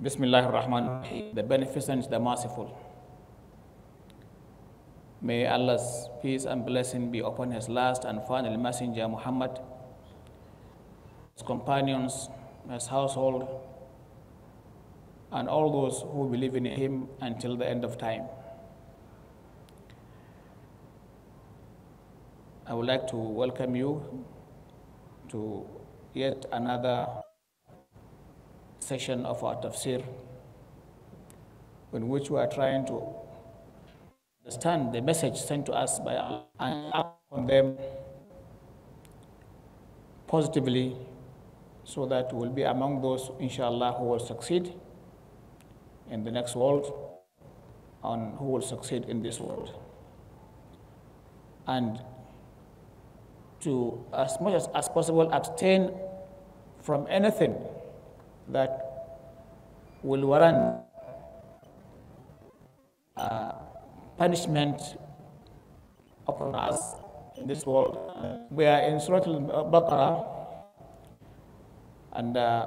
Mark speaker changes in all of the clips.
Speaker 1: Bismillah ar-Rahman the Beneficent, the Merciful. May Allah's peace and blessing be upon his last and final messenger, Muhammad, his companions, his household, and all those who believe in him until the end of time. I would like to welcome you to yet another session of our tafsir in which we are trying to understand the message sent to us by Allah and act on them positively so that we'll be among those, inshallah, who will succeed in the next world and who will succeed in this world. And to, as much as, as possible, abstain from anything that will warrant uh, punishment upon us in this world. We are in Surah Al-Baqarah and uh,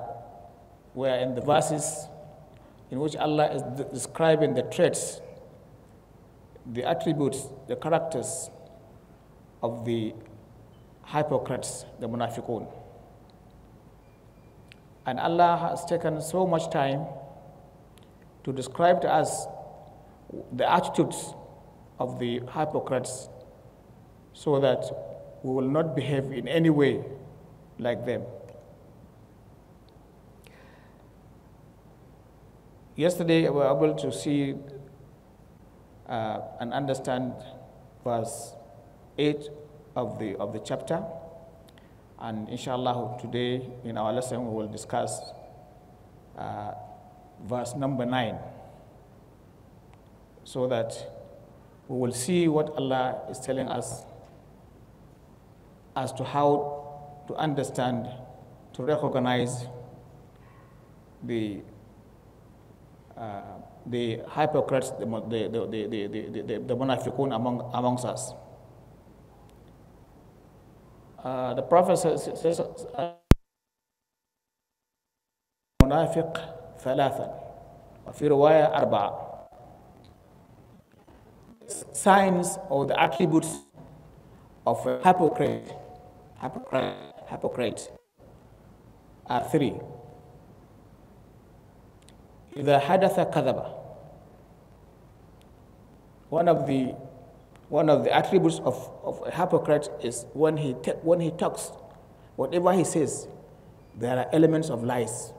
Speaker 1: we are in the verses in which Allah is de describing the traits, the attributes, the characters of the hypocrites, the munafiqun. And Allah has taken so much time to describe to us the attitudes of the hypocrites so that we will not behave in any way like them. Yesterday, we were able to see uh, and understand verse 8 of the, of the chapter. And inshallah, today in our lesson, we will discuss uh, verse number 9 so that we will see what Allah is telling us as to how to understand, to recognize the uh, the hypocrites, the the the the the, the, the among amongst us. Uh, the Prophet says, منافق ثلاثا uh, وفي رواية أربعة signs or the attributes of a hypocrite, hypocrite, hypocrite are three. إذا حدث كذب. One of the one of the attributes of, of a hypocrite is when he, when he talks, whatever he says, there are elements of lies.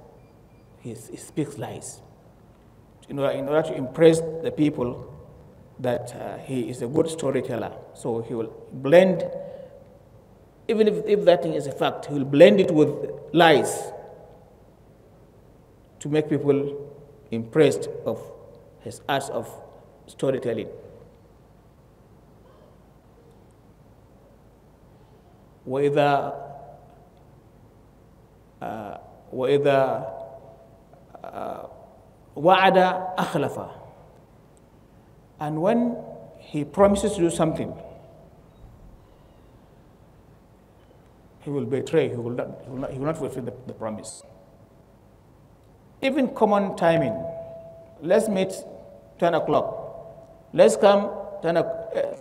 Speaker 1: He, he speaks lies. In order, in order to impress the people that uh, he is a good storyteller, so he will blend, even if, if that thing is a fact, he will blend it with lies to make people impressed of his art of storytelling. وإذا وإذا وعد and when he promises to do something he will betray he will not, he will not, he will not fulfill the, the promise even common timing let's meet 10 o'clock let's come 10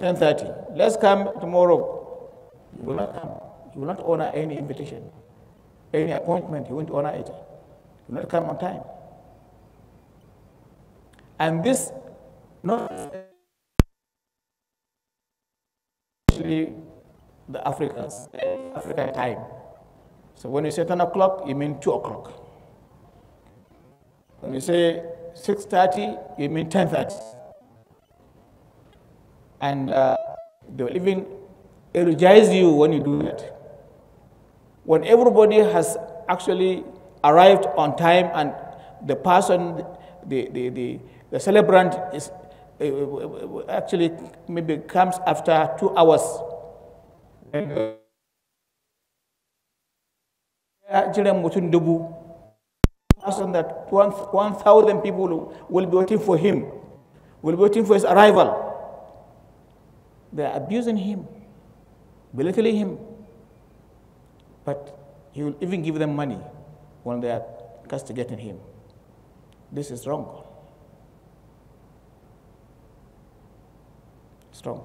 Speaker 1: 10.30 eh, let's come tomorrow you will not come. Um, you will not honor any invitation, any appointment. You won't honor it. You will not come on time. And this, not actually the Africans, African time. So when you say 10 o'clock, you mean 2 o'clock. When you say 6.30, you mean 10.30. And uh, they were living energize you when you do it. When everybody has actually arrived on time and the person, the, the, the, the celebrant is uh, actually maybe comes after two hours. Jiran mutum person that 1,000 people will be waiting for him, will be waiting for his arrival. They are abusing him belittling him. But he will even give them money when they are castigating him. This is wrong. It's wrong.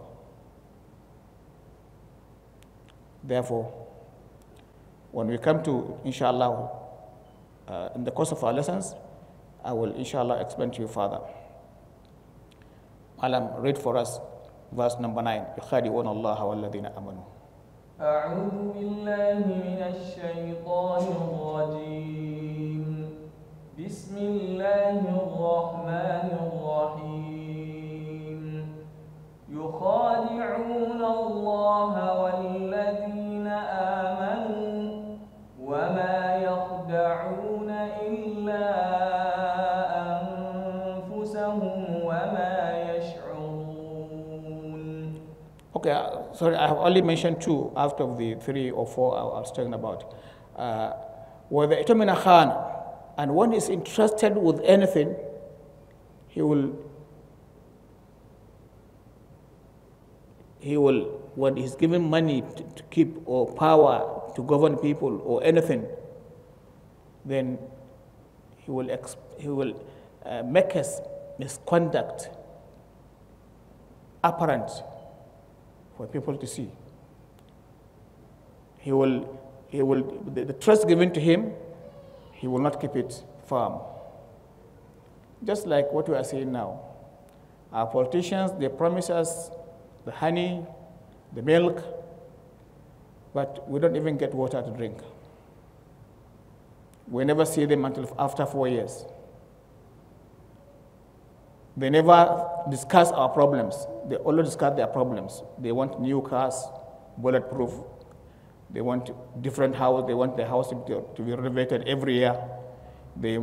Speaker 1: Therefore, when we come to, inshallah, uh, in the course of our lessons, I will, inshallah, explain to you further. Alam, read for us verse number 9.
Speaker 2: أعوذ بالله من الشيطان الرجيم بسم الله الرحمن الرحيم يخادعون الله والذين آمنوا
Speaker 1: sorry, I have only mentioned two out of the three or four I was talking about. Uh, were the Itamina Khan, and one is entrusted with anything, he will he will when he's given money to, to keep or power to govern people or anything, then he will he will uh, make his misconduct apparent for people to see. He will, he will, the, the trust given to him, he will not keep it firm. Just like what we are seeing now. Our politicians, they promise us the honey, the milk, but we don't even get water to drink. We never see them until after four years. They never discuss our problems. They only discuss their problems. They want new cars, bulletproof. They want different house. They want the house to, to be renovated every year. They,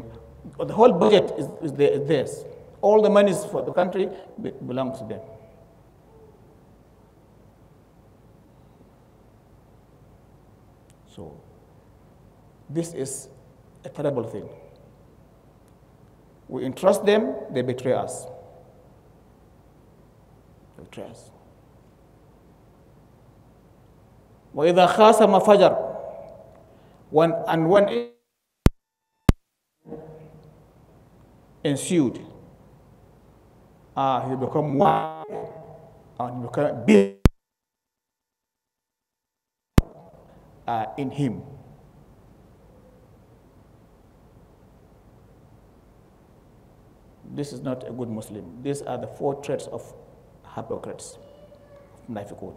Speaker 1: the whole budget is, is theirs. All the monies for the country belongs to them. So this is a terrible thing. We entrust them, they betray us. They betray us. وَإِذَا when, and when ensued, uh, he become one and become big uh, in him. this is not a good Muslim. These are the four traits of hypocrites, Nafiqun.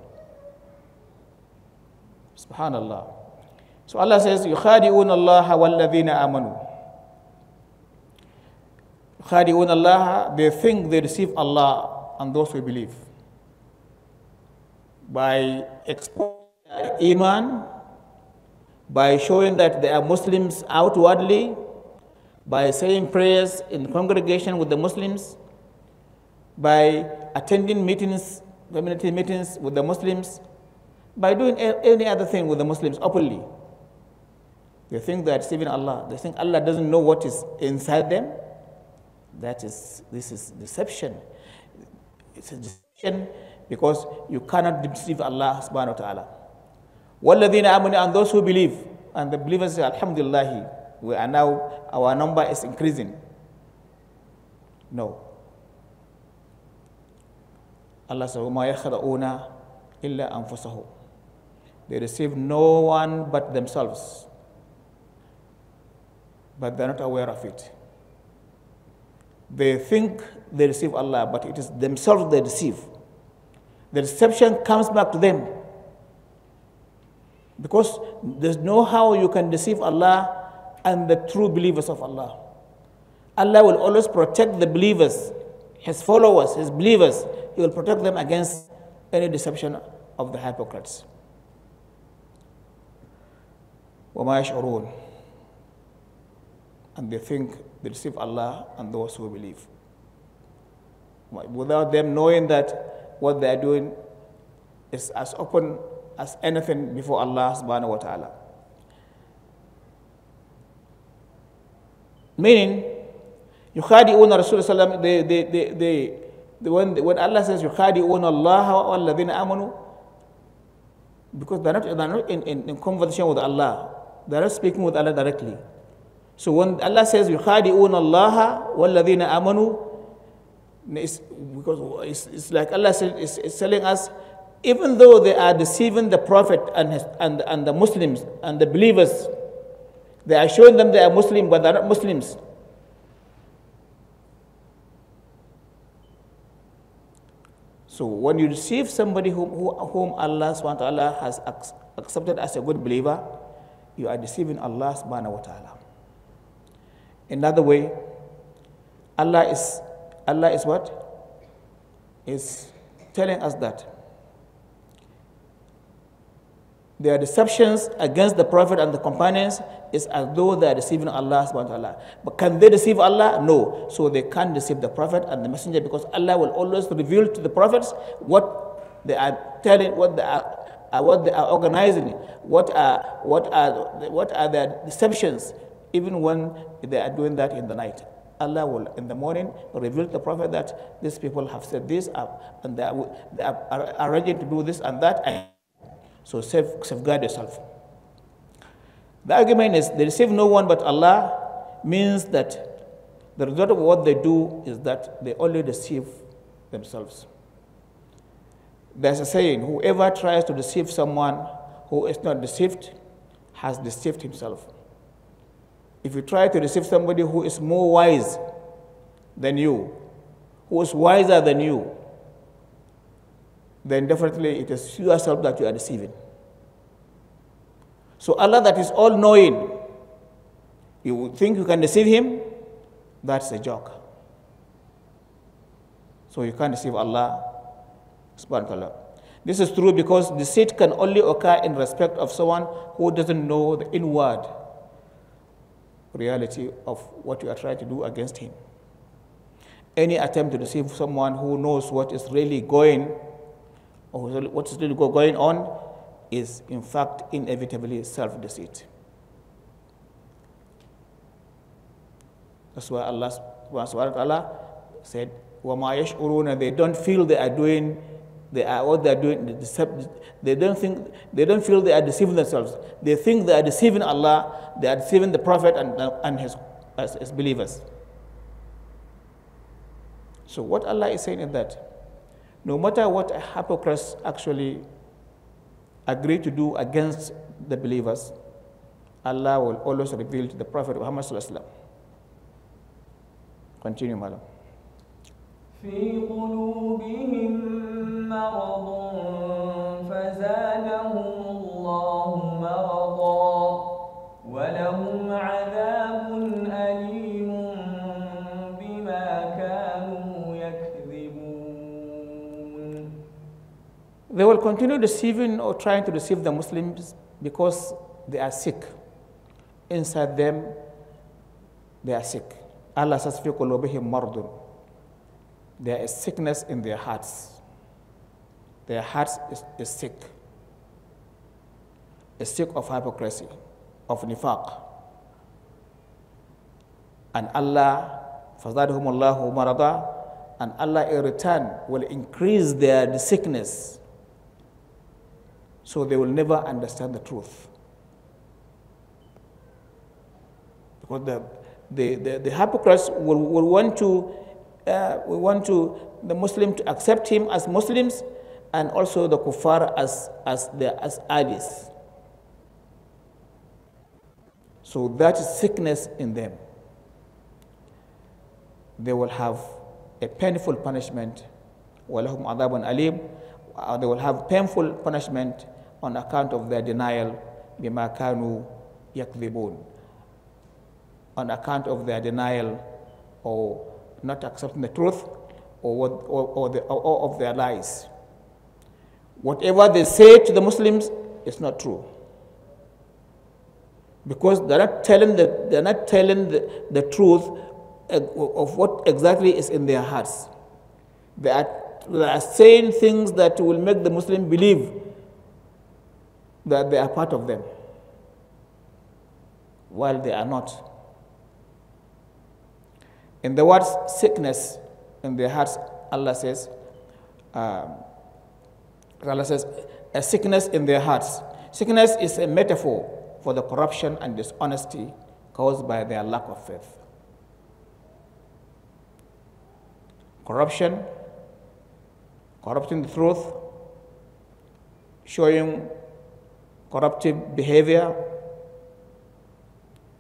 Speaker 1: Subhanallah. So Allah says, يخادعون الله والذين آمنوا يخادعون الله, they think they receive Allah and those who believe. By exposing iman, by showing that they are Muslims outwardly, by saying prayers in congregation with the Muslims, by attending meetings, community meetings with the Muslims, by doing any other thing with the Muslims openly. They think they are deceiving Allah. They think Allah doesn't know what is inside them. That is, this is deception. It's a deception because you cannot deceive Allah subhanahu wa ta'ala. وَالَّذِينَ آمَنُوا And those who believe, and the believers say, Alhamdulillah, we are now, our number is increasing. No. Allah said, وَمَا يَخْرَؤُونَ They receive no one but themselves. But they're not aware of it. They think they receive Allah, but it is themselves they receive. The deception comes back to them. Because there's no how you can deceive Allah and the true believers of Allah. Allah will always protect the believers, His followers, His believers. He will protect them against any deception of the hypocrites. And they think they receive Allah and those who believe. Without them knowing that what they are doing is as open as anything before Allah subhanahu wa ta'ala. Meaning, yukhadi'una Rasulullah sallam, they, they, they, they, when, when Allah says yukhadi'una Allah wa alladhina amanu, because they're not, they're not in, in, in conversation with Allah. They're not speaking with Allah directly. So when Allah says yukhadi'una Allah wa alladhina amanu, it's, because it's, it's like Allah said, is, is telling us, even though they are deceiving the Prophet and, his, and, and the Muslims and the believers, they are showing them they are Muslim when they're not Muslims. So when you receive somebody whom, whom Allah subhanahu wa ta'ala has accepted as a good believer, you are deceiving Allah subhanahu wa ta'ala. Another way, Allah is Allah is what? Is telling us that there are deceptions against the Prophet and the companions it's as though they are deceiving Allah subhanahu wa ta'ala. But can they deceive Allah? No. So they can't deceive the Prophet and the Messenger because Allah will always reveal to the prophets what they are telling, what they are uh, what they are organizing, what are, what, are, what are their deceptions, even when they are doing that in the night. Allah will, in the morning, reveal to the Prophet that these people have said this uh, and they are, they are, are ready to do this and that. So safeguard yourself. The argument is they receive no one but Allah means that the result of what they do is that they only deceive themselves. There's a saying whoever tries to deceive someone who is not deceived has deceived himself. If you try to deceive somebody who is more wise than you, who is wiser than you, then definitely it is yourself that you are deceiving. So Allah that is all knowing, you think you can deceive him? That's a joke. So you can't deceive Allah This is true because deceit can only occur in respect of someone who doesn't know the inward reality of what you are trying to do against him. Any attempt to deceive someone who knows what is really going or what is really going on is in fact inevitably self-deceit. That's why Allah subhanahu said, وَمَا يَشْعُرُونَ They don't feel they are doing they are what they are doing. They, they don't think they don't feel they are deceiving themselves. They think they are deceiving Allah. They are deceiving the Prophet and, and his, as, as believers. So what Allah is saying is that no matter what a hypocrite actually agree to do against the believers, Allah will always reveal to the Prophet Muhammad. Continue, Madam.
Speaker 2: في قلوبهم مرض الله مرضا ولهم عذاب أليم
Speaker 1: They will continue deceiving or trying to deceive the Muslims because they are sick. Inside them, they are sick. Allah says, Fi mardun. There is sickness in their hearts. Their hearts is, is sick. A sick of hypocrisy, of nifaq. And Allah, فَزَادَهُمُ اللَّهُ مَرَضًا And Allah in return will increase their sickness so they will never understand the truth. Because the, the, the, the hypocrites will, will want to uh, we want to the Muslim to accept him as Muslims and also the kuffar as, as their as allies. So that is sickness in them. They will have a painful punishment. وَلَهُمْ عَذَابٌ أَلِيمٌ uh, they will have painful punishment on account of their denial بما كانوا يكذبون on account of their denial or not accepting the truth or, what, or, or, the, or of their lies. Whatever they say to the Muslims is not true. Because they're not telling the, they're not telling the, the truth eh, of what exactly is in their hearts. They are they are saying things that will make the Muslim believe that they are part of them while they are not. In the words sickness in their hearts, Allah says, um, Allah says, a sickness in their hearts. Sickness is a metaphor for the corruption and dishonesty caused by their lack of faith. Corruption corrupting the truth, showing corruptive behavior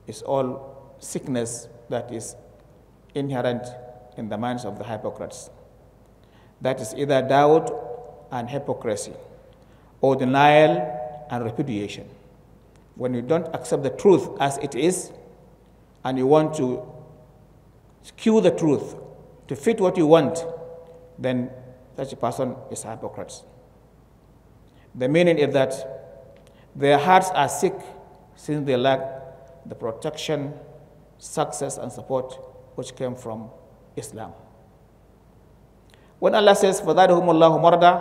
Speaker 1: is all sickness that is inherent in the minds of the hypocrites. That is either doubt and hypocrisy, or denial and repudiation. When you don't accept the truth as it is, and you want to skew the truth to fit what you want, then such a person is a hypocrite. The meaning is that their hearts are sick since they lack the protection, success, and support which came from Islam. When Allah says, "For that whom Allah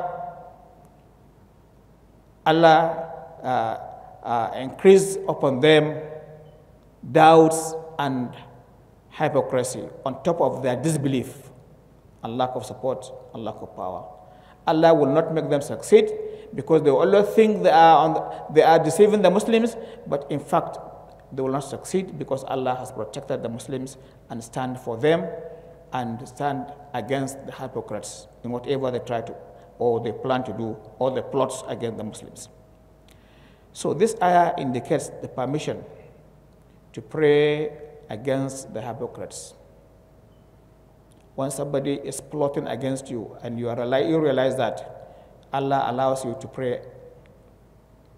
Speaker 1: uh, uh, increased upon them doubts and hypocrisy on top of their disbelief and lack of support and lack of power. Allah will not make them succeed because they always think they are, on, they are deceiving the Muslims, but in fact, they will not succeed because Allah has protected the Muslims and stand for them and stand against the hypocrites in whatever they try to or they plan to do or the plots against the Muslims. So this ayah indicates the permission to pray against the hypocrites when somebody is plotting against you and you, are, you realize that Allah allows you to pray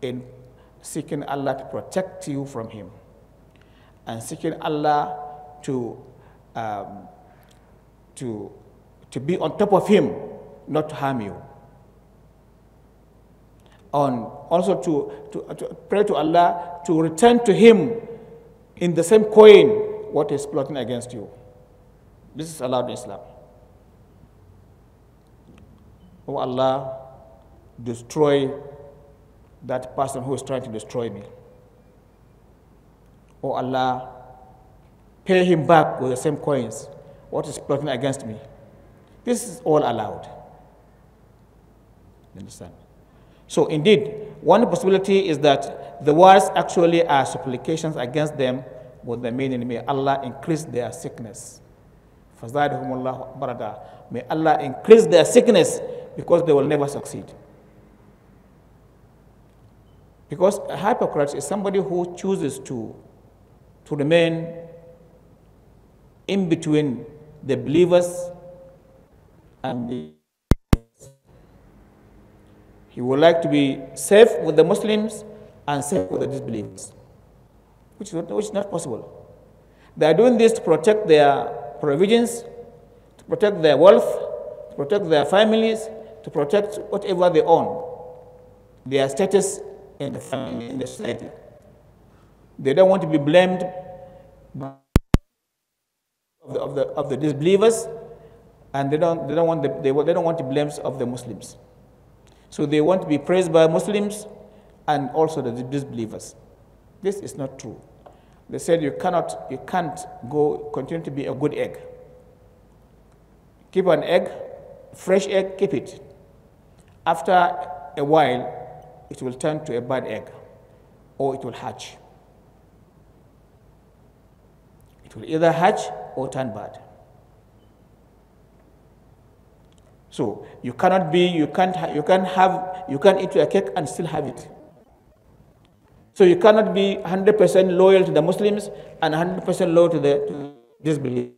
Speaker 1: in seeking Allah to protect you from him and seeking Allah to, um, to, to be on top of him, not to harm you. And also to, to, to pray to Allah to return to him in the same coin what is plotting against you. This is allowed in Islam. Oh Allah, destroy that person who is trying to destroy me. Oh Allah, pay him back with the same coins what is plotting against me. This is all allowed. understand? So, indeed, one possibility is that the words actually are supplications against them with the meaning, may Allah increase their sickness. فَزَادَهُمُ barada. May Allah increase their sickness because they will never succeed. Because a hypocrite is somebody who chooses to, to remain in between the believers and the he would like to be safe with the Muslims and safe with the disbelievers, which is not, which is not possible. They are doing this to protect their provisions, to protect their wealth, to protect their families, to protect whatever they own, their status in the family, in the society. They don't want to be blamed by of the, of the, of the disbelievers, and they don't, they, don't want the, they, they don't want the blames of the Muslims. So they want to be praised by Muslims and also the disbelievers. This is not true. They said you cannot, you can't go continue to be a good egg. Keep an egg, fresh egg, keep it. After a while, it will turn to a bad egg, or it will hatch. It will either hatch or turn bad. So you cannot be, you can't, you can't have, you can't eat your cake and still have it. So you cannot be 100% loyal to the Muslims and 100% loyal to the to disbelievers.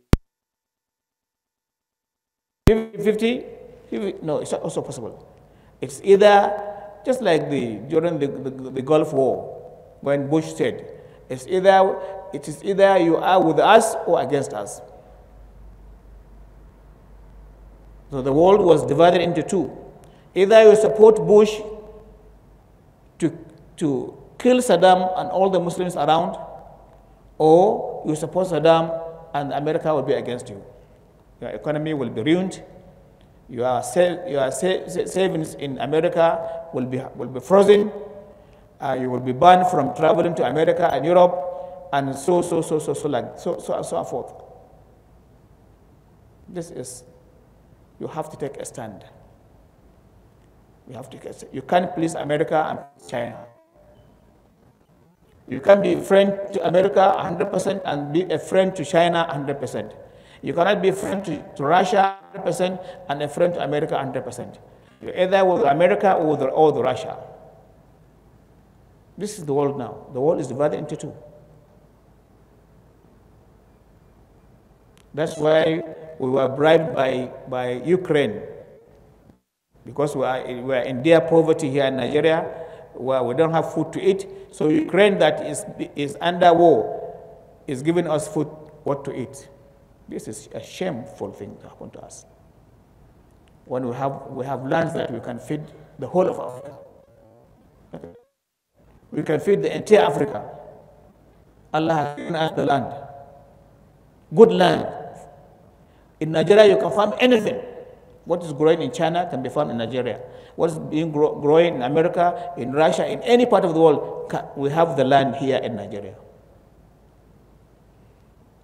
Speaker 1: 50, 50, no, it's also possible. It's either just like the during the, the, the Gulf War when Bush said, it's either it is either you are with us or against us. So the world was divided into two. Either you support Bush to, to kill Saddam and all the Muslims around, or you support Saddam and America will be against you. Your economy will be ruined. Your, your savings in America will be, will be frozen. Uh, you will be banned from traveling to America and Europe, and so, so, so, so, so, like, so, so, so forth. This is, you have to take a stand. You have to, you can't please America and China. You can be a friend to America 100% and be a friend to China 100%. You cannot be a friend to, to Russia 100% and a friend to America 100%. You're either with America or with, or with Russia. This is the world now. The world is divided into two. That's why we were bribed by, by Ukraine because we are, we are in dear poverty here in Nigeria where we don't have food to eat. So Ukraine that is, is under war is giving us food, what to eat. This is a shameful thing to happen to us. When we have, we have lands that we can feed the whole of Africa. We can feed the entire Africa. Allah has given us the land. Good land. In Nigeria, you can farm anything. What is growing in China can be found in Nigeria. What is being grow, growing in America, in Russia, in any part of the world, we have the land here in Nigeria.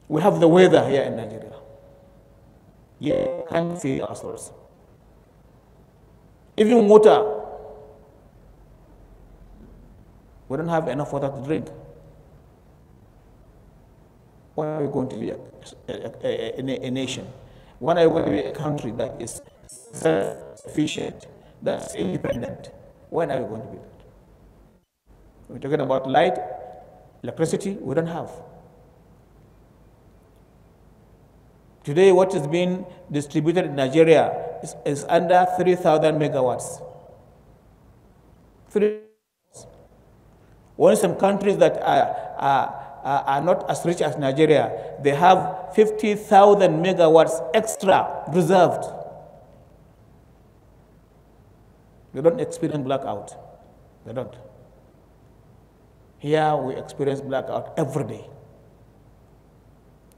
Speaker 1: We have the weather here in Nigeria. You can't see ourselves. Even water, we don't have enough water to drink. Why are we going to be a, a, a, a nation? When I want to be a country that is self-sufficient, that's independent, when are we going to be that? We're talking about light, electricity, we don't have. Today, what is being distributed in Nigeria is, is under 3,000 megawatts. Three. One some countries that are, are uh, are not as rich as Nigeria. They have 50,000 megawatts extra reserved. They don't experience blackout. They don't. Here we experience blackout every day.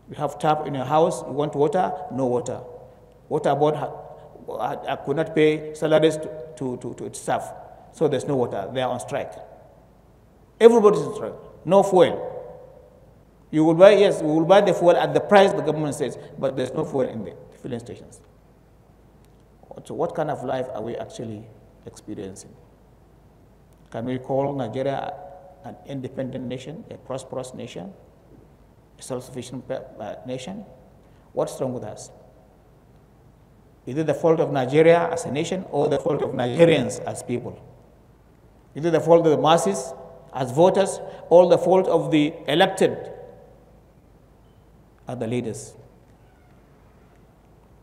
Speaker 1: You have tap in your house, you want water, no water. Water board I could not pay salaries to, to, to, to, its staff, so there's no water. They are on strike. Everybody's on strike. No fuel. You will buy, yes, we will buy the fuel at the price the government says, but there's no fuel in the filling stations. So what kind of life are we actually experiencing? Can we call Nigeria an independent nation, a prosperous nation, a self-sufficient uh, nation? What's wrong with us? Is it the fault of Nigeria as a nation or the fault of Nigerians as people? Is it the fault of the masses as voters or the fault of the elected are the leaders.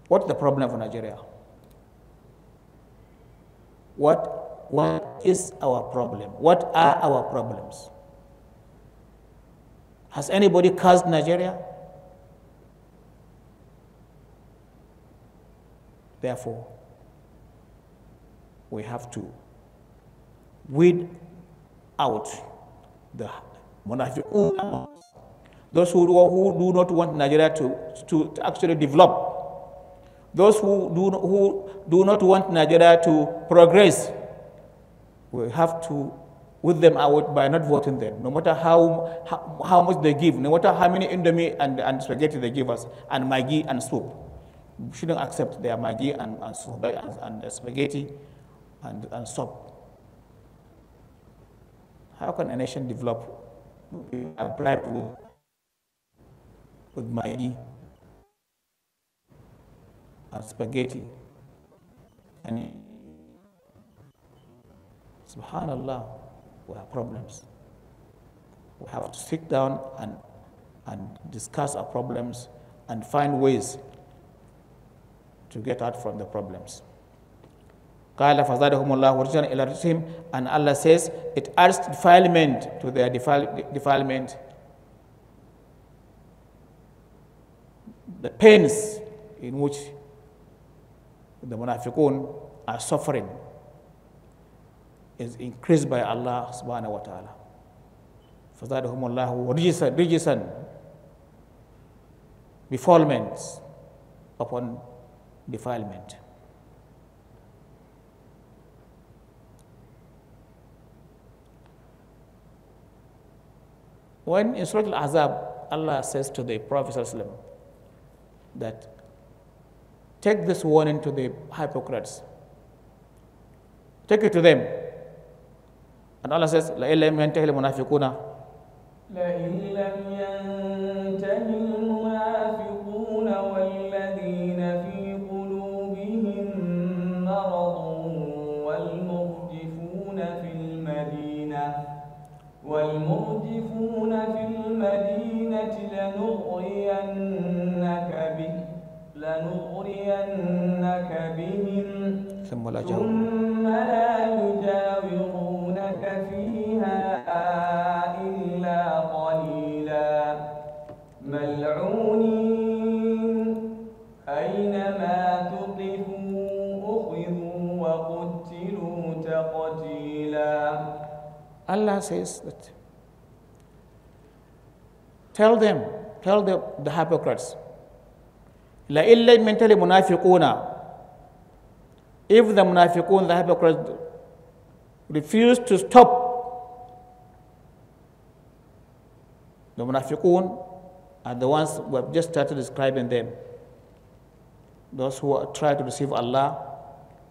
Speaker 1: What's the problem for Nigeria? What, what is our problem? What are our problems? Has anybody cursed Nigeria? Therefore, we have to weed out the Munafiqun those who, who do not want Nigeria to, to, to actually develop, those who do, who do not want Nigeria to progress, we have to with them out by not voting them, no matter how, how, how, much they give, no matter how many indomie and, and spaghetti they give us, and maggi and soup. We shouldn't accept their maggi and, and, soup, and, and spaghetti and, and soup. How can a nation develop? Apply to with Maggie and spaghetti. And subhanallah, we have problems. We have to sit down and, and discuss our problems and find ways to get out from the problems. قال فزادهم الله ورجعنا إلى رجلهم and Allah says it adds defilement to their defile, defilement the pains in which the munafiqun are suffering is increased by Allah subhanahu wa ta'ala. فزادهم الله رجسا رجسا befoulments upon defilement. When in Surah Al-Azab, Allah says to the Prophet that take this warning to the hypocrites. Take it to them. And Allah says, لَإِلَّا مُنَافِقُونَ
Speaker 2: لَإِلَّا ثم لا ثم لا يجاورونك فيها إلا قليلا ملعونين أينما تقفوا أخذوا وقتلوا تقتيلا
Speaker 1: Allah says that tell them tell the, the hypocrites لئن لم ينتهي المنافقون If the munafiqun, the hypocrites, refuse to stop the munafiqun are the ones we have just started describing them. Those who try to deceive Allah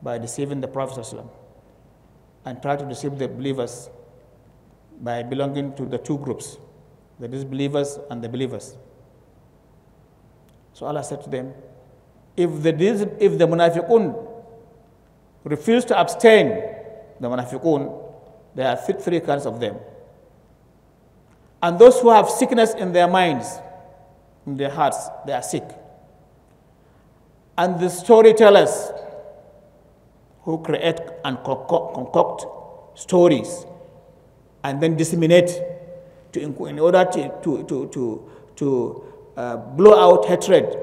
Speaker 1: by deceiving the Prophet and try to deceive the believers by belonging to the two groups, the disbelievers and the believers. So Allah said to them, if the, if the munafiqun refuse to abstain, the there are three kinds of them. And those who have sickness in their minds, in their hearts, they are sick. And the storytellers who create and concoct stories and then disseminate to, in order to, to, to, to, to uh, blow out hatred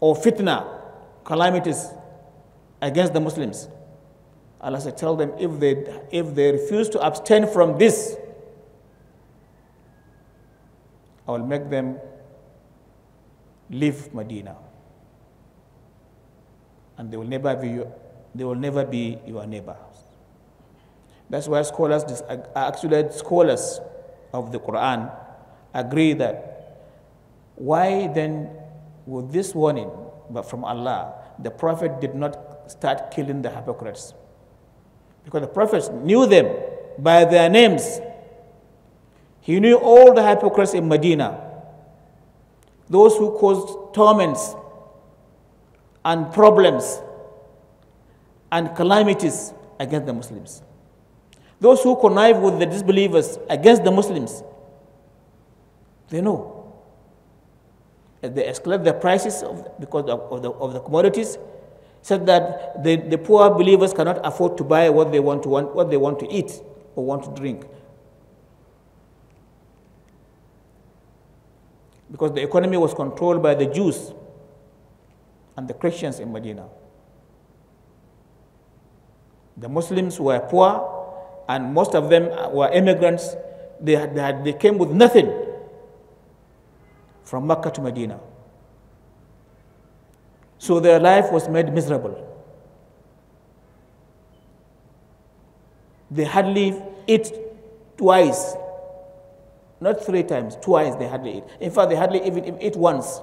Speaker 1: or fitna calamities against the Muslims. Allah said, Tell them if they, if they refuse to abstain from this, I will make them leave Medina. And they will never be your, they will never be your neighbors. That's why scholars, actually scholars of the Quran, agree that why then would this warning but from Allah, the Prophet did not start killing the hypocrites. Because the Prophet knew them by their names. He knew all the hypocrites in Medina, those who caused torments and problems and calamities against the Muslims, those who connive with the disbelievers against the Muslims. They know. Uh, they escalate the prices of, because of, of, the, of the commodities, so that the, the poor believers cannot afford to buy what they want to, want, what they want to eat or want to drink. Because the economy was controlled by the Jews and the Christians in Medina. The Muslims were poor, and most of them were immigrants. They, had, they, had, they came with nothing from Mecca to Medina. So their life was made miserable. They hardly eat twice, not three times, twice they hardly eat. In fact, they hardly even eat once.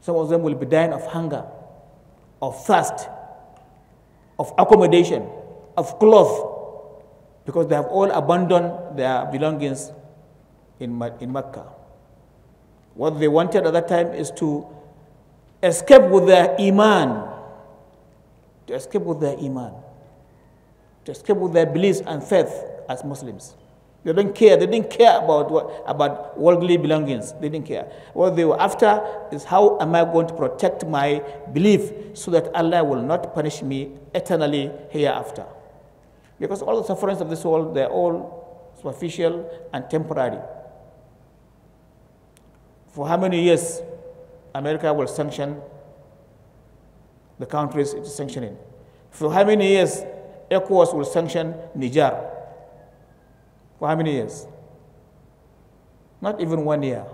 Speaker 1: Some of them will be dying of hunger, of thirst, of accommodation, of cloth, because they have all abandoned their belongings in, in Mecca. What they wanted at that time is to escape with their iman. To escape with their iman. To escape with their beliefs and faith as Muslims. They don't care. They didn't care about what, about worldly belongings. They didn't care. What they were after is how am I going to protect my belief so that Allah will not punish me eternally hereafter? Because all the sufferings of this world, they're all superficial and temporary for how many years America will sanction the countries it's sanctioning. For how many years ECOWAS will sanction Niger? For how many years? Not even one year.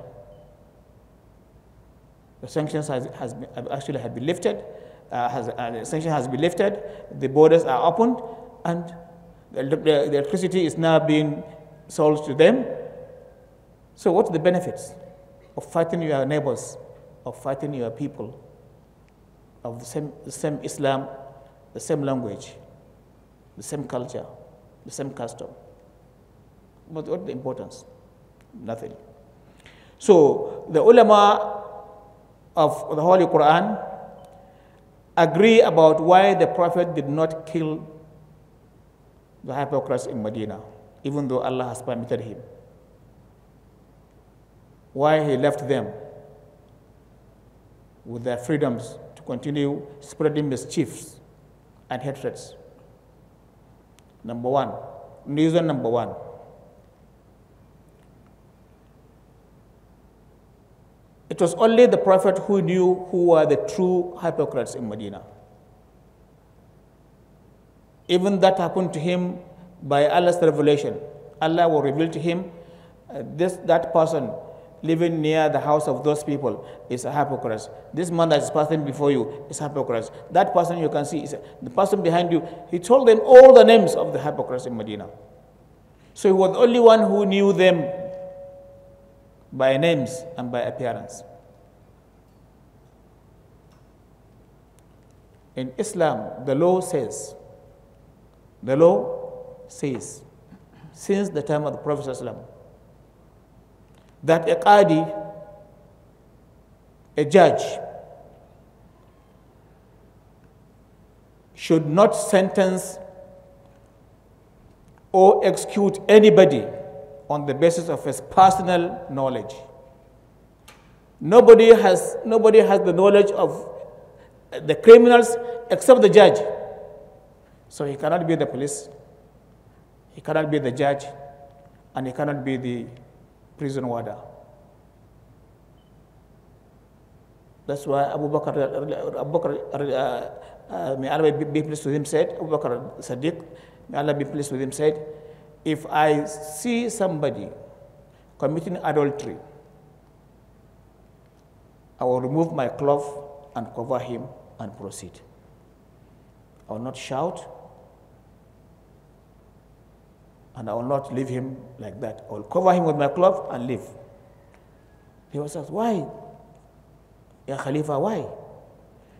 Speaker 1: The sanctions has, has been, actually have been lifted. Uh, has, uh, the sanction has been lifted. The borders are opened, and the, the, the electricity is now being sold to them. So, what's the benefits? of fighting your neighbors, of fighting your people, of the same, the same Islam, the same language, the same culture, the same custom. But what the importance? Nothing. So the ulama of the Holy Quran agree about why the Prophet did not kill the hypocrites in Medina, even though Allah has permitted him why he left them with their freedoms to continue spreading mischiefs and hatreds. Number one, reason number one. It was only the prophet who knew who were the true hypocrites in Medina. Even that happened to him by Allah's revelation. Allah will reveal to him uh, this, that person living near the house of those people is a hypocrite. This man that is passing before you is a hypocrite. That person you can see is a, the person behind you. He told them all the names of the hypocrites in Medina. So he was the only one who knew them by names and by appearance. In Islam, the law says, the law says, since the time of the Prophet that a qadi, a judge, should not sentence or execute anybody on the basis of his personal knowledge. Nobody has, nobody has the knowledge of the criminals except the judge. So he cannot be the police, he cannot be the judge, and he cannot be the prison warder. That's why Abu Bakr, Abu Bakr uh, may Allah be pleased with him, said, Abu Bakr Sadiq, may Allah be pleased with him, said, if I see somebody committing adultery, I will remove my cloth and cover him and proceed. I will not shout, and I will not leave him like that. I will cover him with my cloth and leave. He was asked, Why? Ya Khalifa, why?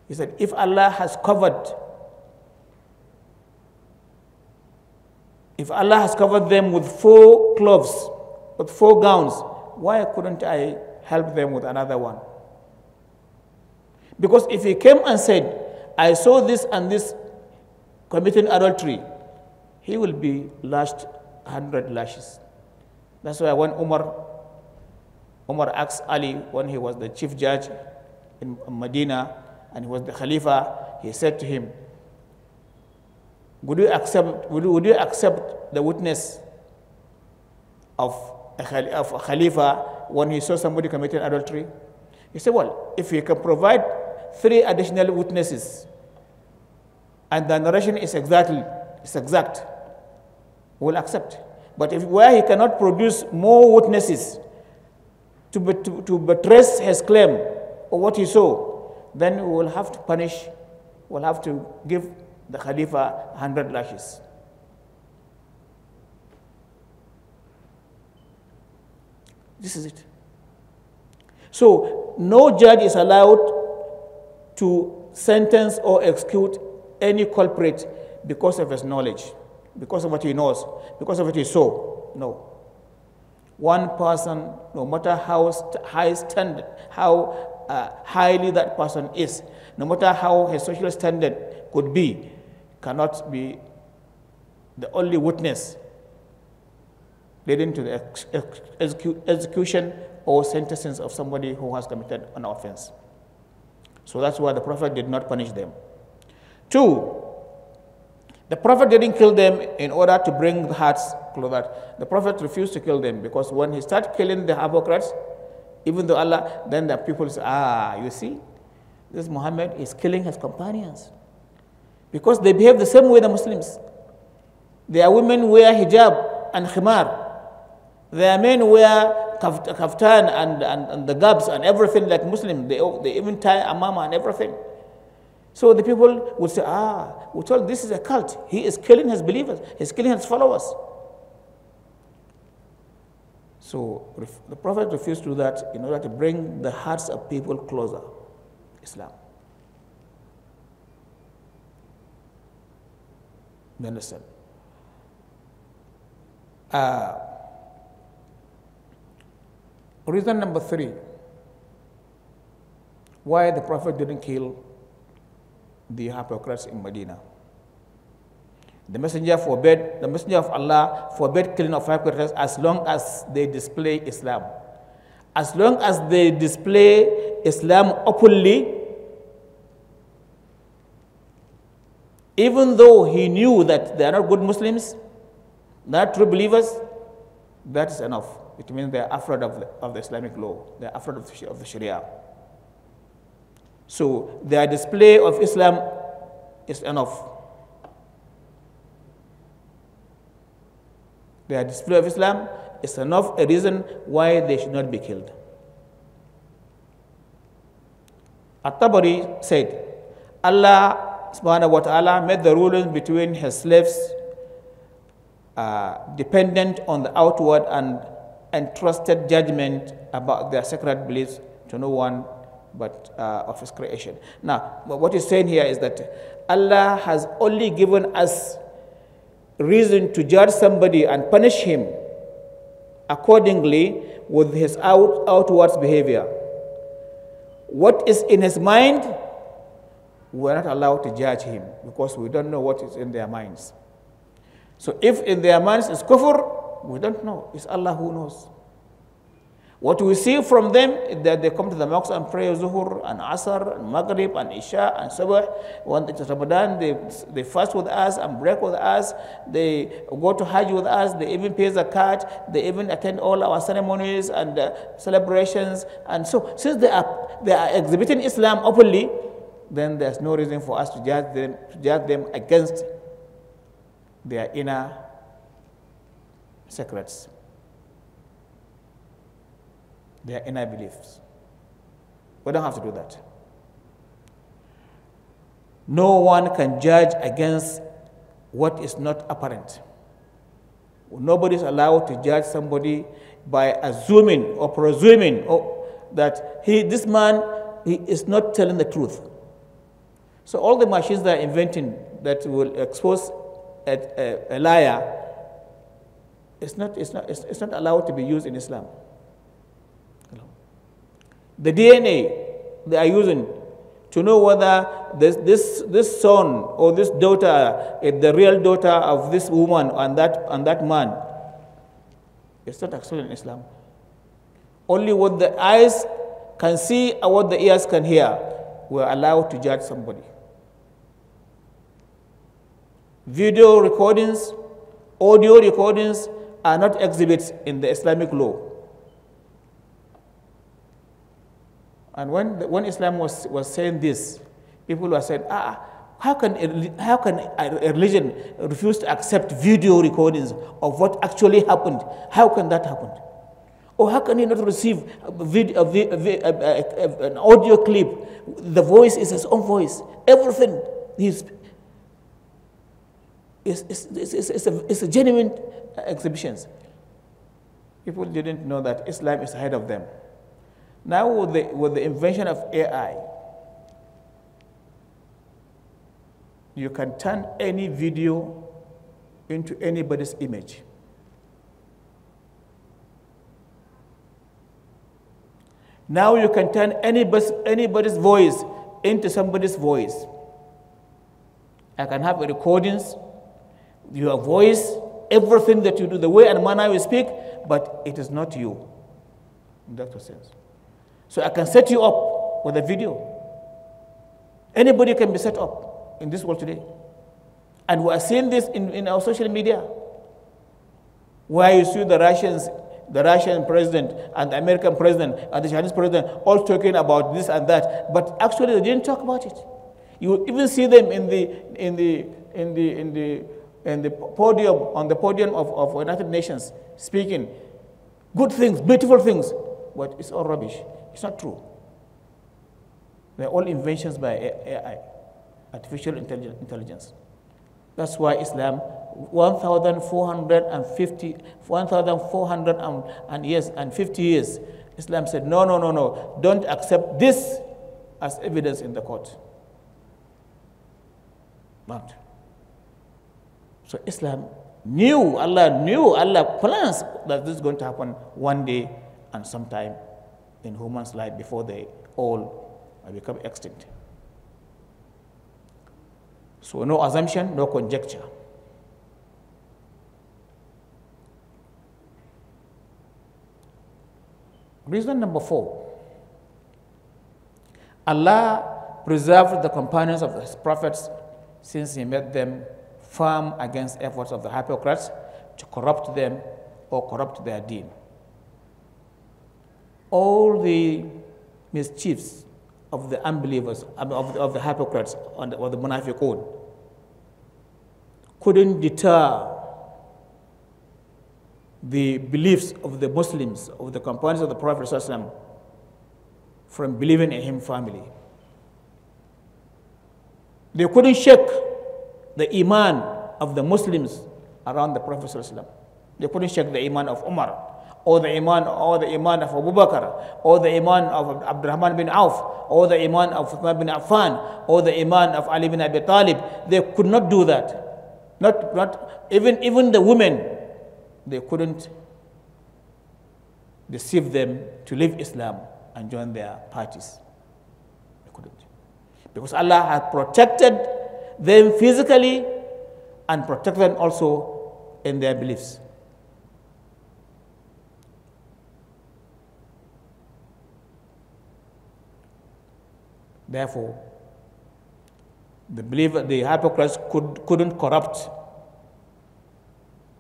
Speaker 1: He said, If Allah has covered, if Allah has covered them with four cloths, with four gowns, why couldn't I help them with another one? Because if he came and said, I saw this and this committing adultery, he will be lashed 100 lashes. That's why when Umar, Umar asked Ali when he was the chief judge in Medina and he was the Khalifa, he said to him, would you accept, would you, would you accept the witness of a, of a Khalifa when he saw somebody committing adultery? He said, well, if you can provide three additional witnesses and the narration is exactly, is exact, will accept. But if, where he cannot produce more witnesses to, to, to buttress his claim or what he saw, then we will have to punish, we'll have to give the Khalifa 100 lashes. This is it. So, no judge is allowed to sentence or execute any culprit because of his knowledge because of what he knows, because of what he saw. No. One person, no matter how st high standard, how uh, highly that person is, no matter how his social standard could be, cannot be the only witness leading to the ex ex execution or sentencing of somebody who has committed an offense. So that's why the Prophet did not punish them. Two, the Prophet didn't kill them in order to bring the hearts closer. The Prophet refused to kill them because when he started killing the hypocrites, even though Allah, then the people say, ah, you see, this Muhammad is killing his companions because they behave the same way the Muslims. Their women wear hijab and khimar. Their men wear kaftan and, and, and the gabs and everything like Muslims. They, they even tie amama and everything. So the people would say, ah, we told this is a cult. He is killing his believers. He's killing his followers. So the Prophet refused to do that in order to bring the hearts of people closer. Islam. You understand? Uh, reason number three why the Prophet didn't kill the hypocrites in Medina. The messenger forbade, the messenger of Allah forbade killing of hypocrites as long as they display Islam. As long as they display Islam openly, even though he knew that they are not good Muslims, they are true believers, that is enough. It means they are afraid of the, of the Islamic law, they are afraid of the, of the Sharia. So their display of Islam is enough. Their display of Islam is enough a reason why they should not be killed. At-Tabari said, Allah subhanahu wa ta'ala made the ruling between his slaves uh, dependent on the outward and entrusted judgment about their sacred beliefs to no one but uh, of his creation. Now, what he's saying here is that Allah has only given us reason to judge somebody and punish him accordingly with his out, outwards behavior. What is in his mind, we're not allowed to judge him because we don't know what is in their minds. So if in their minds is kufr, we don't know. It's Allah who knows. What we see from them is that they come to the mosque and pray Zuhur and Asr and Maghrib and Isha and Sabah. When it's Ramadan, they, they fast with us and break with us. They go to Hajj with us. They even pay zakat. They even attend all our ceremonies and uh, celebrations. And so, since they are, they are exhibiting Islam openly, then there's no reason for us to judge them, to judge them against their inner secrets their inner beliefs. We don't have to do that. No one can judge against what is not apparent. Nobody is allowed to judge somebody by assuming or presuming or oh, that he, this man he is not telling the truth. So all the machines they are inventing that will expose a, a, a liar, it's not, it's, not, it's, it's not allowed to be used in Islam the DNA they are using to know whether this, this, this son or this daughter is the real daughter of this woman and that, and that man. It's not accepted in Islam. Only what the eyes can see and what the ears can hear, we're allowed to judge somebody. Video recordings, audio recordings are not exhibits in the Islamic law. And when, when Islam was, was saying this, people were saying, ah, how can, a, how can a religion refuse to accept video recordings of what actually happened? How can that happen? Or how can you not receive a video, a, an audio clip? The voice is his own voice. Everything is is is a, a genuine uh, exhibition. People didn't know that Islam is ahead of them. Now, with the, with the invention of AI, you can turn any video into anybody's image. Now you can turn anybody's, anybody's voice into somebody's voice. I can have recordings, your voice, everything that you do, the way and manner you speak, but it is not you. In that sense. So I can set you up with a video. Anybody can be set up in this world today. And we are seeing this in, in our social media, where you see the Russians, the Russian president and the American president and the Chinese president all talking about this and that, but actually they didn't talk about it. You even see them in the in the in the in the in the podium on the podium of, of United Nations speaking good things, beautiful things, but it's all rubbish. It's not true. They're all inventions by AI, artificial intelligence. That's why Islam, 1,450, and years and 50 years, Islam said, no, no, no, no, don't accept this as evidence in the court. Not. So Islam knew, Allah knew, Allah plans that this is going to happen one day and sometime in human's life before they all become extinct. So no assumption, no conjecture. Reason number four. Allah preserved the companions of his prophets since he made them firm against efforts of the hypocrites to corrupt them or corrupt their deen all the mischiefs of the unbelievers, of the, of the hypocrites, or the, or the munafiqun, couldn't deter the beliefs of the Muslims, of the companions of the Prophet from believing in him family. They couldn't shake the iman of the Muslims around the Prophet ﷺ. They couldn't shake the iman of Umar or the iman or the iman of Abu Bakr or the iman of Abdurrahman bin Auf or the iman of Uthman bin Affan or the iman of Ali bin Abi Talib they could not do that not not even even the women they couldn't deceive them to leave Islam and join their parties they couldn't because Allah had protected them physically and protected them also in their beliefs Therefore, the believer, the hypocrites could, couldn't corrupt.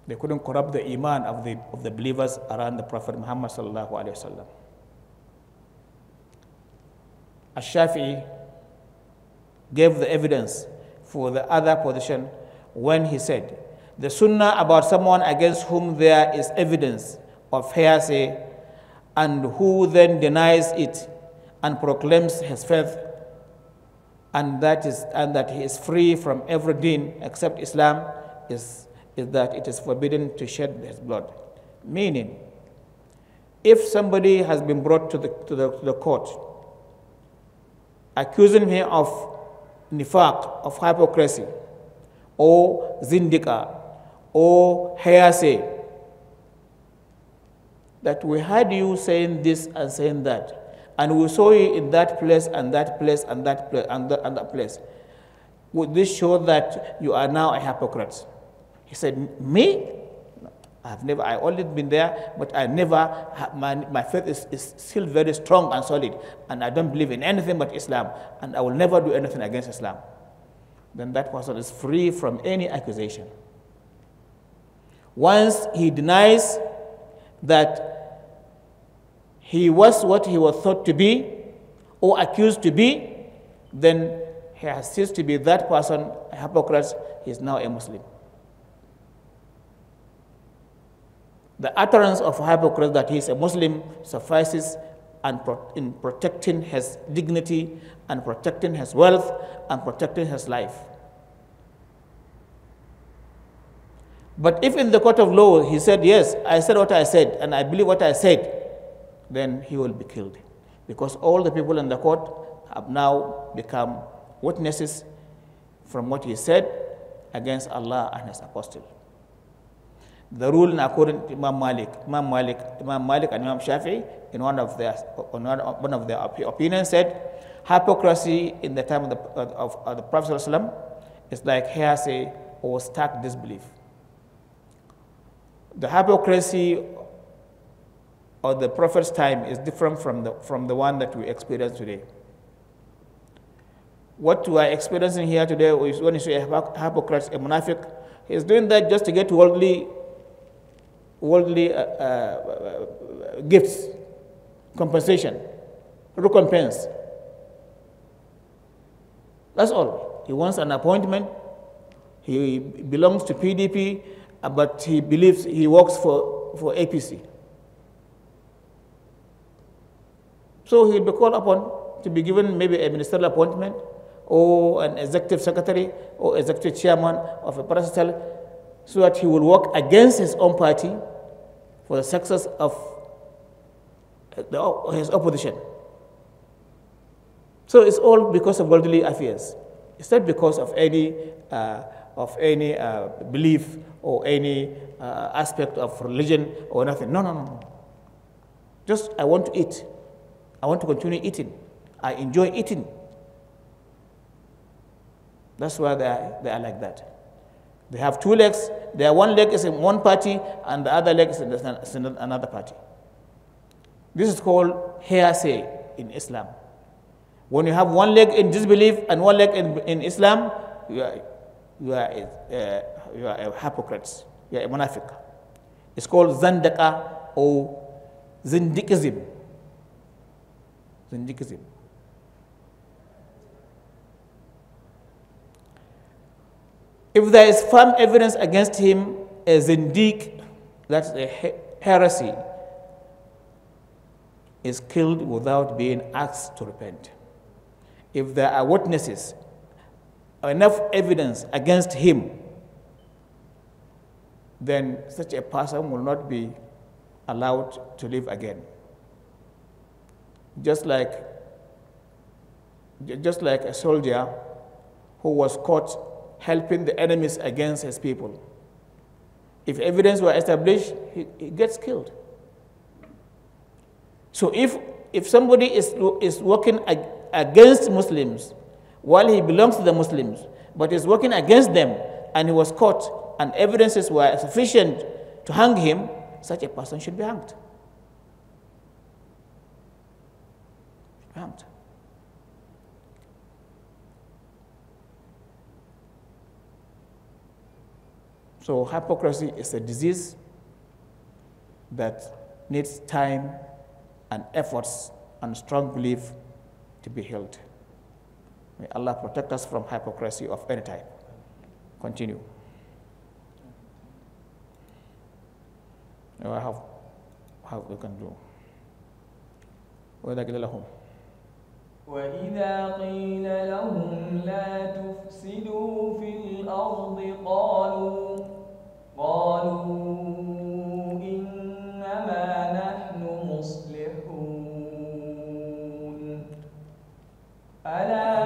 Speaker 1: They couldn't corrupt the iman of the, of the believers around the Prophet Muhammad sallallahu alaihi wasallam. Ash-Shafi'i gave the evidence for the other position when he said, the sunnah about someone against whom there is evidence of hearsay and who then denies it and proclaims his faith and that, is, and that he is free from every deen except Islam is, is that it is forbidden to shed his blood. Meaning, if somebody has been brought to the, to the, to the court accusing him of nifaq, of hypocrisy, or zindika, or hearsay, that we heard you saying this and saying that and we saw you in that place and that place and that place and, and that place. Would this show that you are now a hypocrite? He said, Me? I've never, i only been there, but I never, have, my, my faith is, is still very strong and solid, and I don't believe in anything but Islam, and I will never do anything against Islam. Then that person is free from any accusation. Once he denies that he was what he was thought to be or accused to be, then he has ceased to be that person, a hypocrite, he is now a Muslim. The utterance of a hypocrite that he is a Muslim suffices in protecting his dignity and protecting his wealth and protecting his life. But if in the court of law he said, Yes, I said what I said and I believe what I said, then he will be killed. Because all the people in the court have now become witnesses from what he said against Allah and his apostle. The ruling according to Imam Malik, Imam Malik, Imam Malik and Imam Shafi in one of their, on one of their opinions said, hypocrisy in the time of the, of, of the Prophet ﷺ is like hearsay or stark disbelief. The hypocrisy or the Prophet's time is different from the, from the one that we experience today. What we are experiencing here today is when you see a hypocrite, a munafiq, he's doing that just to get worldly, worldly uh, uh, uh, gifts, compensation, recompense. That's all. He wants an appointment. He belongs to PDP, uh, but he believes he works for, for APC. So he will be called upon to be given maybe a ministerial appointment or an executive secretary or executive chairman of a parasocial so that he will work against his own party for the success of uh, the, his opposition. So it's all because of worldly affairs. It's not because of any, uh, of any uh, belief or any uh, aspect of religion or nothing. no, no, no. Just I want to eat. I want to continue eating. I enjoy eating. That's why they are, they are like that. They have two legs. Their one leg is in one party, and the other leg is in another party. This is called hearsay in Islam. When you have one leg in disbelief and one leg in, in Islam, you are, you, are, uh, you are a hypocrite. You are a monarchic. It's called zandaka or zindikism. If there is firm evidence against him, as indeed that's a heresy, is killed without being asked to repent. If there are witnesses, enough evidence against him, then such a person will not be allowed to live again just like, just like a soldier who was caught helping the enemies against his people. If evidence were established, he, he gets killed. So if, if somebody is, is working ag against Muslims, while he belongs to the Muslims, but is working against them, and he was caught, and evidences were sufficient to hang him, such a person should be hanged. round. So hypocrisy is a disease that needs time and efforts and strong belief to be healed. May Allah protect us from hypocrisy of any type. Continue. I have have we can do. وذاك لهم
Speaker 2: وإذا قيل لهم لا تفسدوا في الأرض قالوا قالوا إنما نحن مصلحون ألا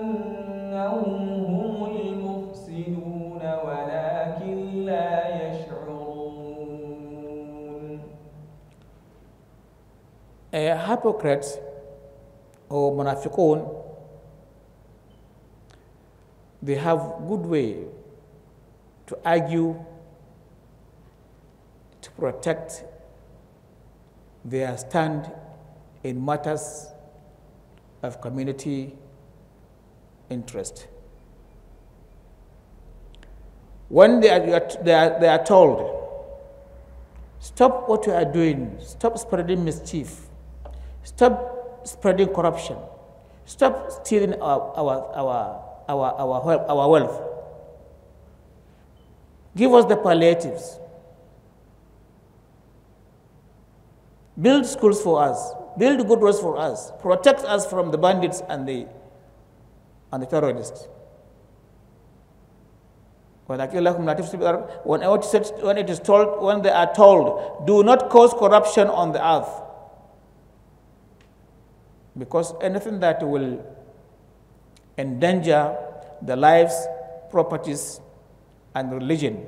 Speaker 2: إنهم هم المفسدون ولكن لا يشعرون
Speaker 1: A hypocrite Munafiqun, they have good way to argue to protect their stand in matters of community interest. When they are, they are, they are told, stop what you are doing, stop spreading mischief, stop spreading corruption. Stop stealing our, our, our, our, our, our wealth. Give us the palliatives. Build schools for us. Build good roads for us. Protect us from the bandits and the, and the terrorists. When it is told, when they are told, do not cause corruption on the earth because anything that will endanger the lives, properties, and religion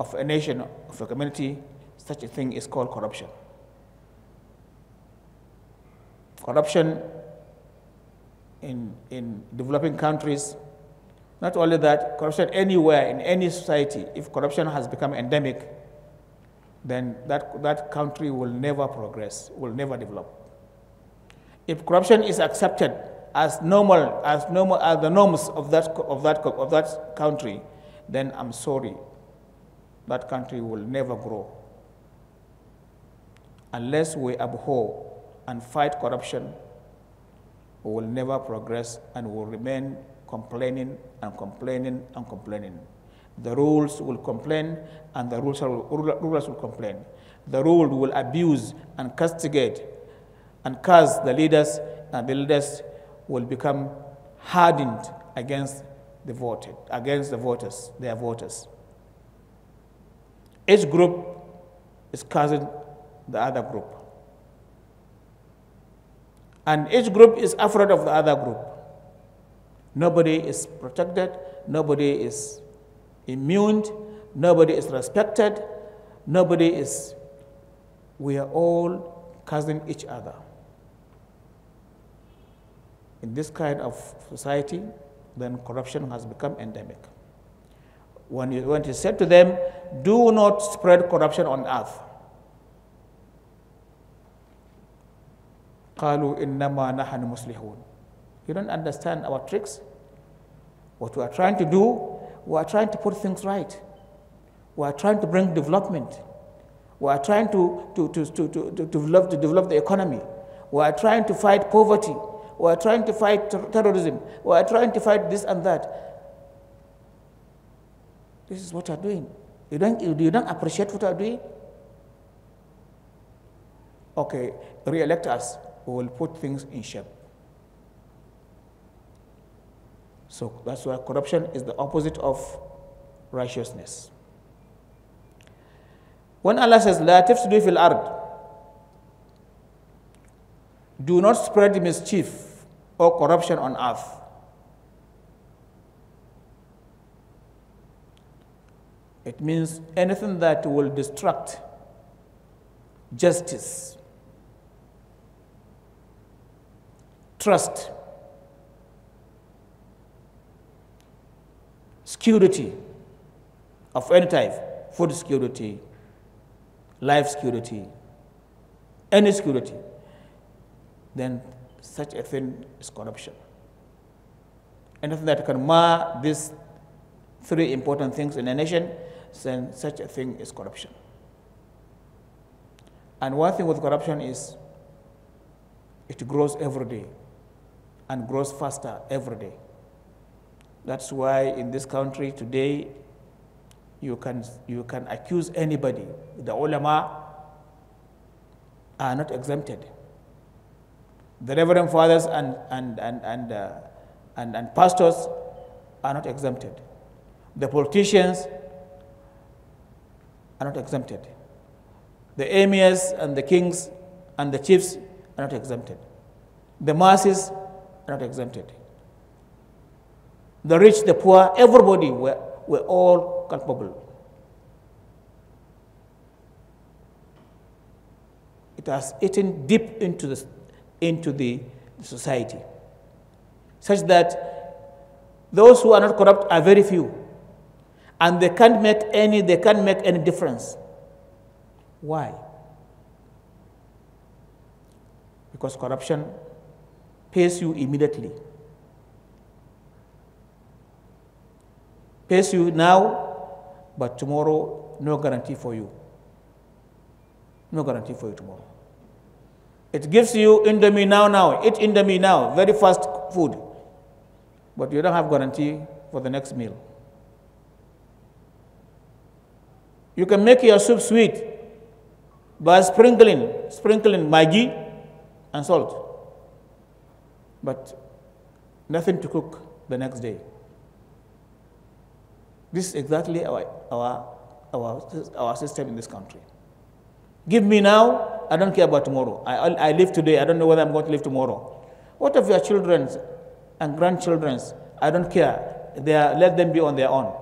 Speaker 1: of a nation, of a community, such a thing is called corruption. Corruption in, in developing countries, not only that, corruption anywhere in any society, if corruption has become endemic, then that, that country will never progress, will never develop if corruption is accepted as normal as normal as the norms of that of that of that country, then I'm sorry, that country will never grow. Unless we abhor and fight corruption, we will never progress and will remain complaining and complaining and complaining. The rules will complain and the rulers will complain. The rule will abuse and castigate and curse the leaders, and the leaders will become hardened against the voted, against the voters, their voters. Each group is cursing the other group. And each group is afraid of the other group. Nobody is protected, nobody is immune, nobody is respected, nobody is. We are all cursing each other in this kind of society, then corruption has become endemic. When he, when he said to them, Do not spread corruption on earth. You don't understand our tricks? What we are trying to do, we are trying to put things right. We are trying to bring development. We are trying to, to, to, to, to, to, develop, to develop the economy. We are trying to fight poverty we are trying to fight terrorism, we are trying to fight this and that. This is what you are doing. You don't, you don't appreciate what you are doing? Okay, re-elect us. We will put things in shape. So that's why corruption is the opposite of righteousness. When Allah says, La tafsidu fil ard, do not spread mischief or corruption on earth. It means anything that will distract justice, trust, security of any type, food security, life security, any security, then such a thing is corruption. Anything that can mar these three important things in a nation, then such a thing is corruption. And one thing with corruption is it grows every day and grows faster every day. That's why in this country today, you can, you can accuse anybody. The ulama are not exempted the Reverend Fathers and, and, and, and, uh, and, and pastors are not exempted. The politicians are not exempted. The emirs and the kings and the chiefs are not exempted. The masses are not exempted. The rich, the poor, everybody were, were all culpable. It has eaten deep into the into the society. Such that those who are not corrupt are very few. And they can't make any, they can't make any difference. Why? Because corruption pays you immediately. Pays you now, but tomorrow, no guarantee for you. No guarantee for you tomorrow. It gives you indomie now, now. Eat indomie now. Very fast food. But you don't have guarantee for the next meal. You can make your soup sweet by sprinkling, sprinkling maggi and salt. But nothing to cook the next day. This is exactly our, our, our, our system in this country. Give me now, I don't care about tomorrow. I, I live today. I don't know whether I'm going to live tomorrow. What of your children and grandchildrens? I don't care. They are, let them be on their own.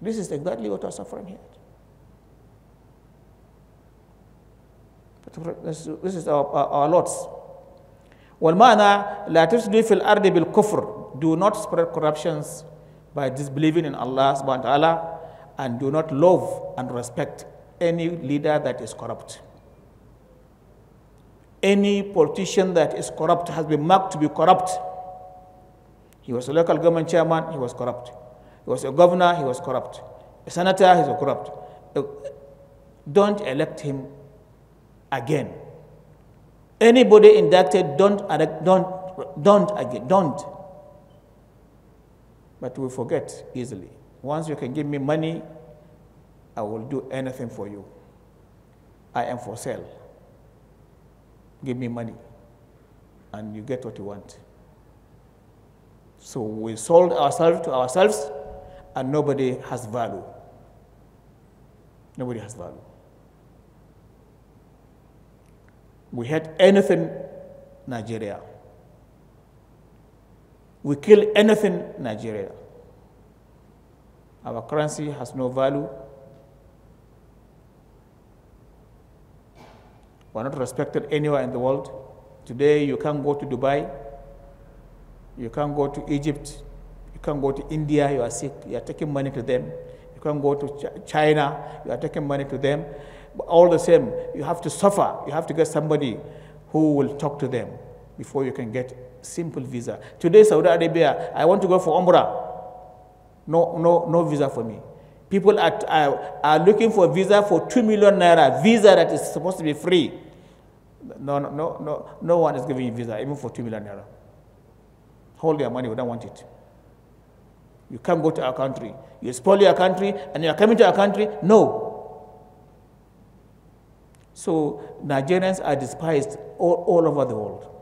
Speaker 1: This is exactly what we're suffering here. This, this is our, our, our lots. والمعنى لا تفسدوا في الأرض kufur. do not spread corruptions by disbelieving in Allah subhanahu wa ta'ala and do not love and respect any leader that is corrupt. Any politician that is corrupt has been marked to be corrupt. He was a local government chairman, he was corrupt. He was a governor, he was corrupt. A senator, He was corrupt. Uh, don't elect him again. Anybody indicted, don't, don't, don't again, don't. But we forget easily. Once you can give me money, I will do anything for you. I am for sale. Give me money and you get what you want. So we sold ourselves to ourselves and nobody has value. Nobody has value. We had anything Nigeria. We kill anything Nigeria. Our currency has no value. We are not respected anywhere in the world. Today, you can't go to Dubai, you can't go to Egypt, you can't go to India, you are sick, you are taking money to them. You can't go to China, you are taking money to them. But all the same, you have to suffer, you have to get somebody who will talk to them before you can get simple visa. Today, Saudi Arabia, I want to go for Umrah. No, no, no visa for me. People are, are, are looking for visa for 2 million naira, visa that is supposed to be free. No, no, no, no, no one is giving you visa, even for two million naira. Hold your money, we don't want it. You can't go to our country. You spoil your country and you are coming to our country. No. So Nigerians are despised all, all over the world.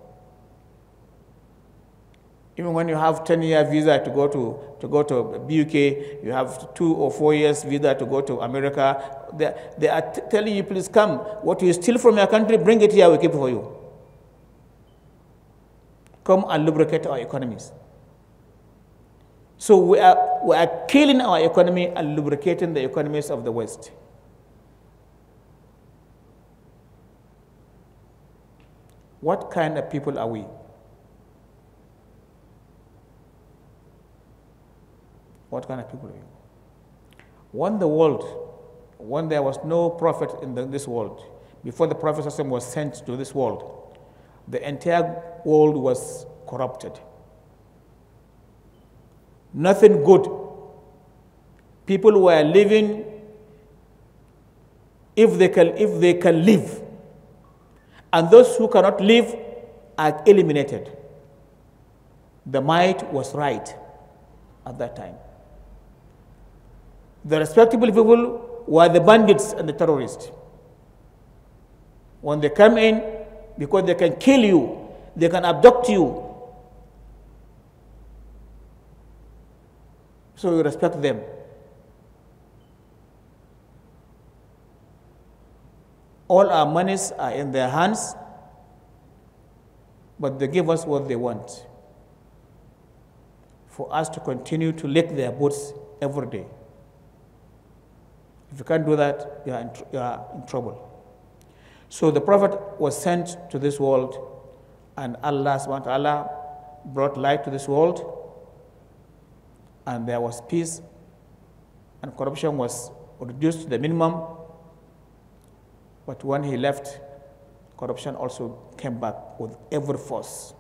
Speaker 1: Even when you have 10-year visa to go to, to go to BUK, you have two or four years visa to go to America. They, they are telling you, please come. What you steal from your country, bring it here, we keep it for you. Come and lubricate our economies. So we are, we are killing our economy and lubricating the economies of the West. What kind of people are we? What kind of people are you? When the world, when there was no prophet in the, this world, before the prophet was sent to this world, the entire world was corrupted. Nothing good. People were living if they can, if they can live. And those who cannot live are eliminated. The might was right at that time. The respectable people were the bandits and the terrorists. When they come in, because they can kill you, they can abduct you. So you respect them. All our monies are in their hands, but they give us what they want for us to continue to lick their boots every day. If you can't do that, you are in, you are in trouble. So the Prophet was sent to this world, and Allah subhanahu wa brought light to this world, and there was peace, and corruption was reduced to the minimum. But when he left, corruption also came back with every force.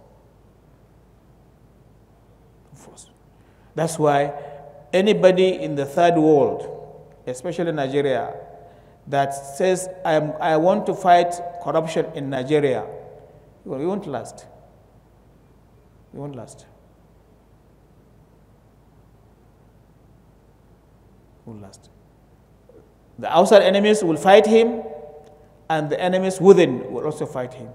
Speaker 1: force. That's why anybody in the third world especially Nigeria, that says, i want to fight corruption in Nigeria, you won't last. You won't last. You won't last. The outside enemies will fight him, and the enemies within will also fight him.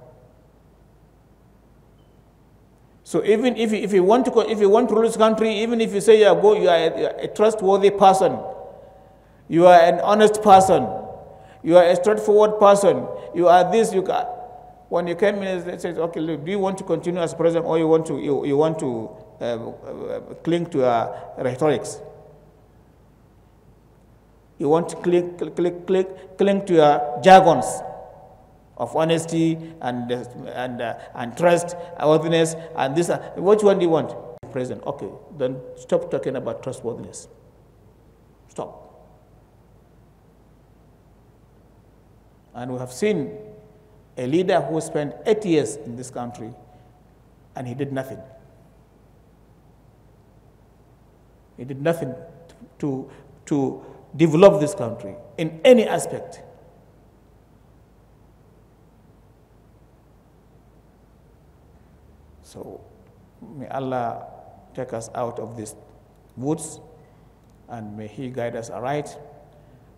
Speaker 1: So even if you, if you want to if you want to rule this country, even if you say you are, go, you are a, a trustworthy person, you are an honest person. You are a straightforward person. You are this. You When you came in, they said, okay, look, do you want to continue as president or you want to, you, you want to uh, uh, cling to your uh, rhetorics? You want to cling, cling, cling, cling to your jargons of honesty and, and, uh, and trust, worthiness, and this. Uh, which one do you want? President, okay, then stop talking about trustworthiness. Stop. And we have seen a leader who spent eight years in this country and he did nothing. He did nothing to, to develop this country in any aspect. So may Allah take us out of this woods and may He guide us aright.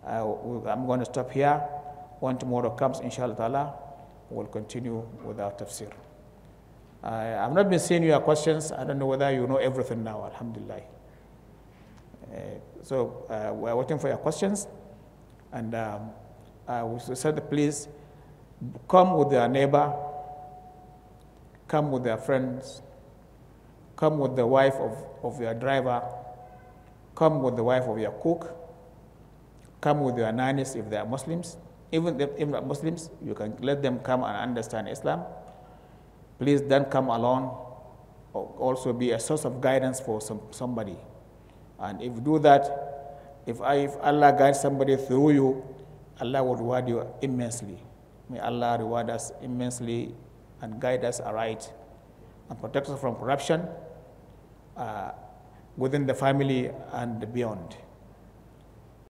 Speaker 1: I'm going to stop here. When tomorrow comes, inshallah, we'll continue with our tafsir. I, I've not been seeing your questions. I don't know whether you know everything now, alhamdulillah. Uh, so uh, we're waiting for your questions. And um, I would said, please come with your neighbor, come with your friends, come with the wife of, of your driver, come with the wife of your cook, come with your nannies if they are Muslims even if, even Muslims, you can let them come and understand Islam. Please don't come alone. Also be a source of guidance for some, somebody. And if you do that, if, I, if Allah guides somebody through you, Allah will reward you immensely. May Allah reward us immensely and guide us aright and protect us from corruption uh, within the family and beyond.